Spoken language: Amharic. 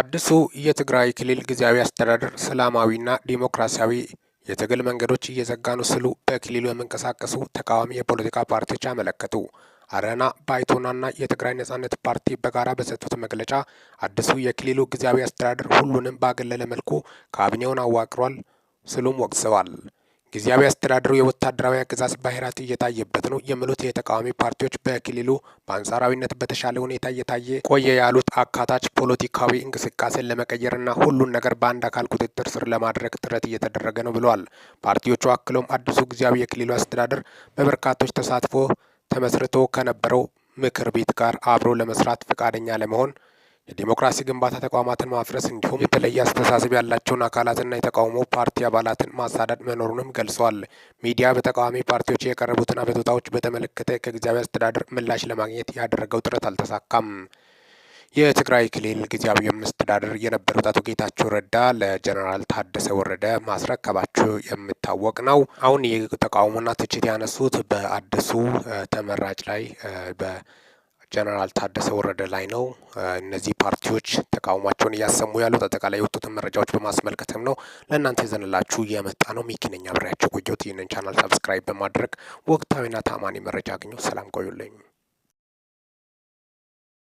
አዲሱ የትግራይ ክልል ጊዜያዊ አስተዳደር ሰላማዊና ዲሞክራሲያዊ የትግል መንገዶች እየዘጋ ነው ሲሉ በክልሉ የሚንቀሳቀሱ ተቃዋሚ የፖለቲካ ፓርቲዎች አመለከቱ። አረና ባይቶናና የትግራይ ነጻነት ፓርቲ በጋራ በሰጡት መግለጫ አዲሱ የክልሉ ጊዜያዊ አስተዳደር ሁሉንም ባገለለ መልኩ ካቢኔውን አዋቅሯል ሲሉም ወቅሰዋል። ጊዜያዊ አስተዳደሩ የወታደራዊ አገዛዝ ባህራት እየታየበት ነው የሚሉት የተቃዋሚ ፓርቲዎች በክልሉ በአንጻራዊነት በተሻለ ሁኔታ እየታየ ቆየ ያሉት አካታች ፖለቲካዊ እንቅስቃሴን ለመቀየርና ሁሉን ነገር በአንድ አካል ቁጥጥር ስር ለማድረግ ጥረት እየተደረገ ነው ብለዋል። ፓርቲዎቹ አክለውም አዲሱ ጊዜያዊ የክልሉ አስተዳደር በበርካቶች ተሳትፎ ተመስርቶ ከነበረው ምክር ቤት ጋር አብሮ ለመስራት ፈቃደኛ ለመሆን የዴሞክራሲ ግንባታ ተቋማትን ማፍረስ እንዲሁም የተለየ አስተሳሰብ ያላቸውን አካላትና የተቃውሞ ፓርቲ አባላትን ማሳደድ መኖሩንም ገልጸዋል። ሚዲያ በተቃዋሚ ፓርቲዎች የቀረቡትን አቤቱታዎች በተመለከተ ከጊዜያዊ አስተዳደር ምላሽ ለማግኘት ያደረገው ጥረት አልተሳካም። የትግራይ ክልል ጊዜያዊ መስተዳድር የነበሩት አቶ ጌታቸው ረዳ ለጀነራል ታደሰ ወረደ ማስረከባቸው የሚታወቅ ነው። አሁን የተቃውሞና ትችት ያነሱት በአዲሱ ተመራጭ ላይ በ ጀነራል ታደሰ ወረደ ላይ ነው። እነዚህ ፓርቲዎች ተቃውሟቸውን እያሰሙ ያሉት አጠቃላይ የወጡትን መረጃዎች በማስመልከትም ነው ለእናንተ ይዘንላችሁ የመጣ ነው። ሚኪነኛ ብሬያቸው ቆየሁት። ይህንን ቻናል ሰብስክራይብ በማድረግ ወቅታዊና ታማኒ መረጃ አግኘው። ሰላም ቆዩልኝ።